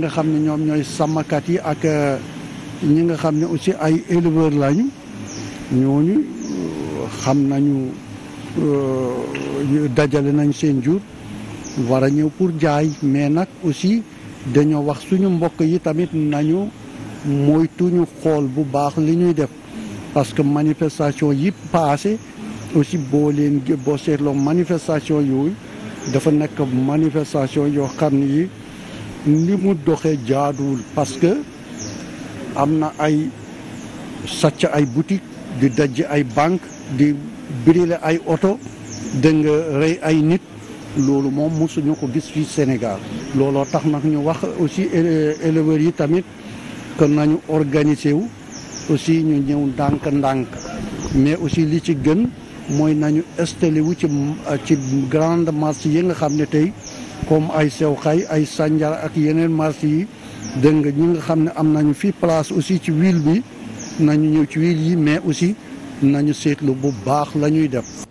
nga xam ne ñoom ñooy sàmmkat yi ak euh, ñi nga xam ne aussi ay éleveur lañu ñooñu euh, xam nañu euh, dajale nañ seen jur war a ñëw pour jaay mais nag aussi dañoo wax suñu mbokk yi tamit nañu moytuñu xool bu baax li ñuy def parce que manifestation yi passé aussi boo leen boo seetloo manifestation yooyu dafa nekk manifestation yoo xam ne yi ni mu doxee jaaduwul parce que am na ay sàcc ay boutique di dajj ay banque di birile ay oto dégg nga rey ay nit loolu moom mosuñu ko gis fii Sénégal looloo tax nag ñu wax aussi éleveurs yi tamit que nañu organiser wu aussi ñu ñëw ndànk-ndànk mais aussi li ci gën mooy nañu installé wu ci ci grande masse yi nga xam ne tey comme ay sew xay ay sànjar ak yeneen marché yi dégg nga ñi nga xam ne am nañu fi place aussi ci ville bi nañu ñëw ci ville yi mais aussi nañu seetlu bu baax la ñuy def